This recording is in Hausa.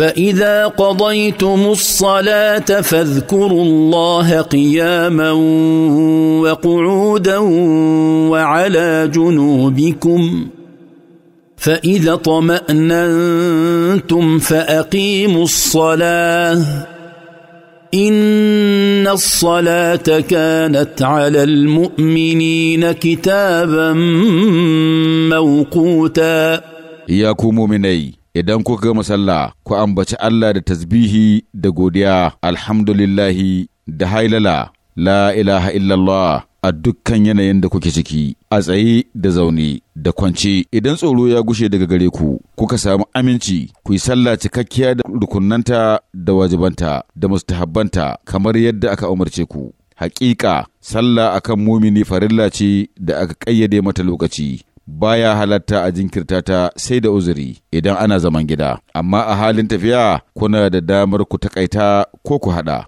فاذا قضيتم الصلاه فاذكروا الله قياما وقعودا وعلى جنوبكم فاذا طماننتم فاقيموا الصلاه ان الصلاه كانت على المؤمنين كتابا موقوتا يا كومو مني idan kuka gama sallah ku ambaci Allah da tasbihi da godiya alhamdulillahi da hailala la ilaha illallah a dukkan yanayin da kuke ciki a tsaye da zaune da kwance idan tsoro ya gushe daga gare ku kuka samu aminci ku yi sallah cikakkiya da rukunanta da wajibanta da mustahabbanta kamar yadda aka umarce ku hakika sallah akan mumini farilla ce da aka kayyade mata lokaci baya halatta a jinkirta ta sai da uzuri idan ana zaman gida, amma a halin tafiya kuna da damar ku takaita ko ku haɗa.